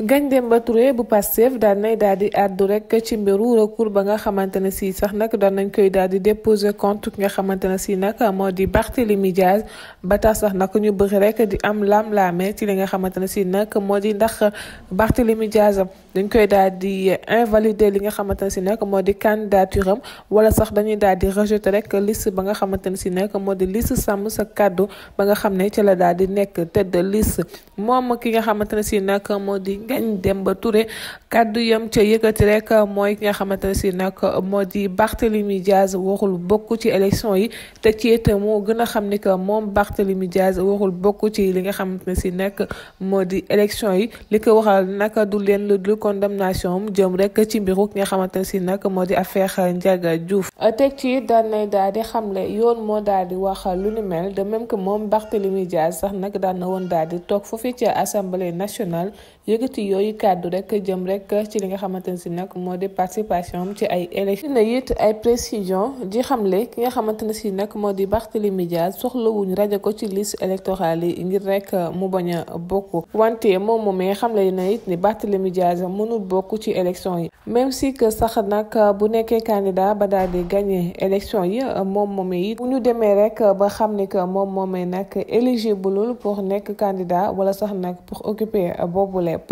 Ngagne ba Touré bu Pastef daal nay daal di àddu rek ci mbiru recours ba nga xamante ne si sax nag daan nañ koy daal di déposer contre ki nga xamante ne si nag moo di Barthélémy Dias ba tax sax nag ñu bëri rek di am lam-laame ci li nga xamante ne si nag moo di ndax Barthélémy Dias dañ koy daal di invalider li nga xamante ne si nag moo di candidature am wala sax dañuy daal di rejeter rek liste ba nga xamante ne si nag moo di liste sàmm sa kàddu ba nga xam ne ci la daal di nekk tête de liste moom ki nga xamante ne si nag moo di. Ngagne Demba Touré kàddu yam ca yëkkati rek mooy ki nga xamante ne si nag moo di Barthélemy Diaz waxul bokk ci élection yi te ci it moo gën a xam ni que moom Barthélemy Diaz waxul bokk ci li nga xamante ne si nag moo di élection yi li ko waxal naka du leen lu dul condamnation am jëm rek ci mbiru ki nga xamante ne si nag moo di affaire Ndiaga Diouf teg ci daan nay daal di xamle yoon moo daal di wax lu ni mel de même que moom Barthélemy Diaz sax nag daan na woon daal di toog foofu ci assemblée nationale yëkkati yëkkati yooyu kàddu rek jëm rek ci li nga xamante si nag moo di participation ci ay élection dina it ay précision di xamle ki nga xamante ne si nag moo di Barthélémy Dias soxlawuñ rajo ko ci liste électorale yi ngir rek mu bañ a bokk wante moom moomee xamle na it ni Barthélémy Dias mënul bokk ci élection yi même si que sax nag bu nekkee candidat ba daal di gagné élection yi moom moomee it bu ñu demee rek ba xam ni que moom moomee nag éligible pour nekk candidat wala sax nag pour occuper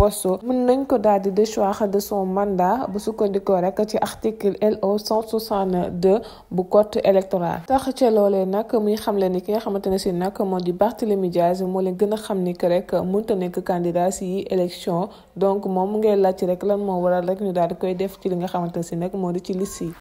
Rosso mën nañ ko daal di déchoir de son mandat bu sukkandikoo rek ci article LO 162 bu code électoral tax ca loolee nag muy xamle ni ki nga xamante ne si nag moo di Barthélémy Diaz moo leen gën a xam ni que rek mënta nekk candidat si élection donc moom mu ngay laaj rek lan moo waral rek ñu daal di koy def ci li nga xamante ne si nag moo di ci liste